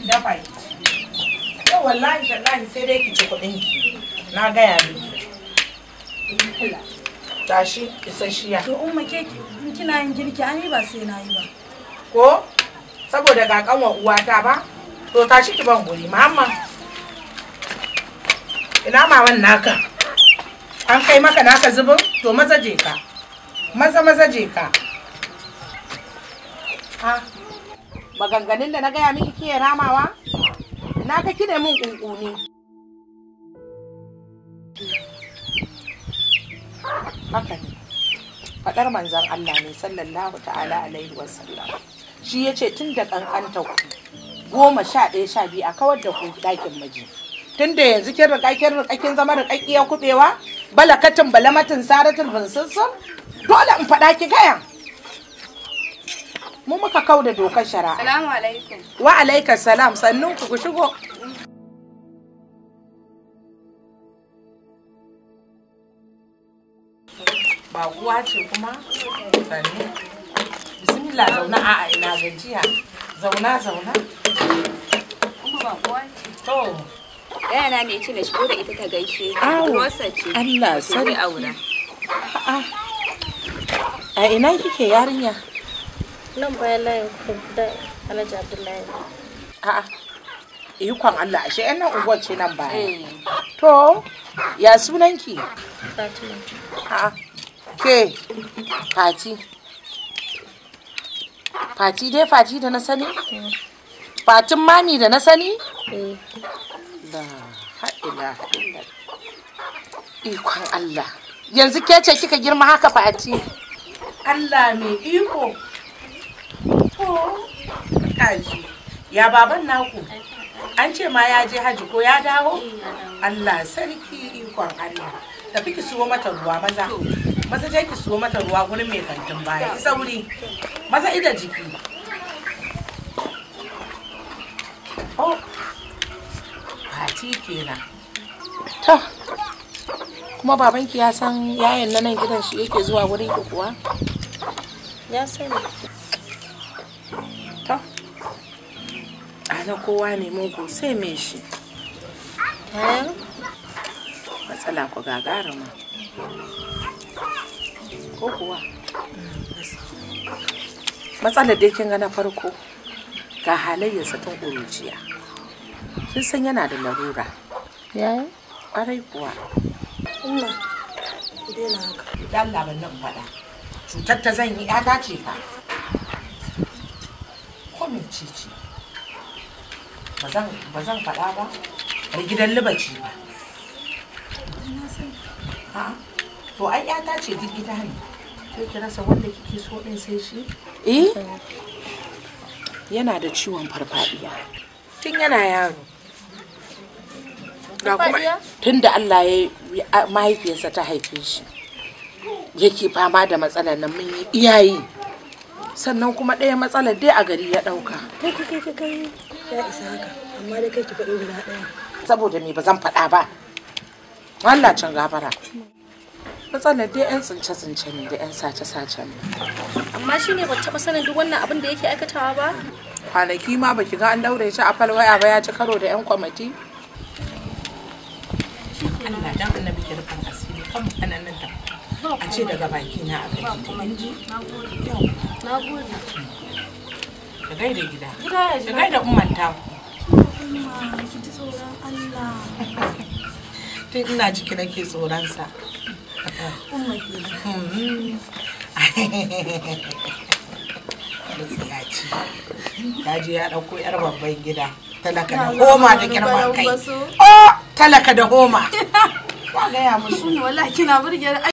in dafa yau wallahi tallahi sai dai ki ci kuɗin ki na gaya miki tashi isasshiya to umma ke kina yin girki an yi ba sai na yi ba ko saboda ga kanwa uwata ba to tashi ki ban guri mamma ina maman naka an kai maka naka zubin to maza je ka maza maza je ka ah maganganun da na gaya miki ke ramawa na ka kide min kunkuni haka ne fadar manzan Allah ne sallallahu ta'ala alaihi wasallam shi yace tun da kankanta ku goma sha ɗaya sha biyu a kawar da ku ɗakin miji tun da yanzu kin riga kin riga kin zama riƙaƙƙiyar kuɓewa balakatin balamatin saratin Rinsinsin, dole in faɗa ki gaya mu muka kau da dokar shari'a salamu alaikum wa alaikum salam sannun ku ku shigo ba kuwa ce kuma sannu bismillah zauna a'a ina gajiya zauna zauna kuma ba kuwa ce to yana ne ce na shigo da ita ta gaishe rosa ce Allah sai aura a ina kike yarinya nan baya layin da alhaji abdullahi a'a ikon allah ashe yan nan unguwar ce nan baya eh. to ya sunanki fatima a'a ke fati fati dai fati da na sani fatin mami da na sani da eh. haɗila ikon allah yanzu ke ce kika girma haka fati allah mai iko Kaji, ya baban naku, an ce ma ya je haji ko ya dawo? Allah sarki ikon Allah. Tafi ki suwo mata ruwa maza. Maza je ki suwo mata ruwa gurin mai kantin baya. Isa wuri. Maza ida jiki. Oh, fati kenan. To, kuma babanki ya san yayan nan gidan shi yake zuwa wurin ki kuwa? Ya sani. to ana kowa ne mugu sai mai shi eh? matsala ku gagara ma ko kuwa matsalar dai kin ga na farko ga halayyarsa tun ƙuruciya sun san yana da larura yayi ƙwarai kuwa ina haka dan nan faɗa cutar ta zan yi ya dace fa ko mece ce ba zan faɗa ba ai gidan libaci ba ha to ai yata ce duk gida ne sai ki rasa wanda kike so din sai shi eh? eh yana da ciwon farfadiya tun yana yaro da kuma tun da Allah ya mahaifiyarsa ta haife shi yake fama da matsalar nan mun yi iyayi sannan kuma ɗaya matsalar dai a gari ya ɗauka. Kai kai kai kai ya isa haka amma dai kai ki faɗi guda ɗaya. Saboda me ba zan faɗa ba. Allah can gafara. Matsalar dai 'yan tsince-tsince ne da ƴan sace-sace ne. Amma shi ne ba taɓa sanin duk wannan abin da yake aikatawa ba? Kwanaki ma baki ga an daure shi a falwaya ba ya ci karo da ƴan kwamati. Allah dan annabi ki rufin asiri kan mutanen nan da a ce daga baki na a kan ji. Na gode. Ka ta. nake tsoron sa. ya babban gida. Talaka da homa da girman kai. Oh, talaka da homa.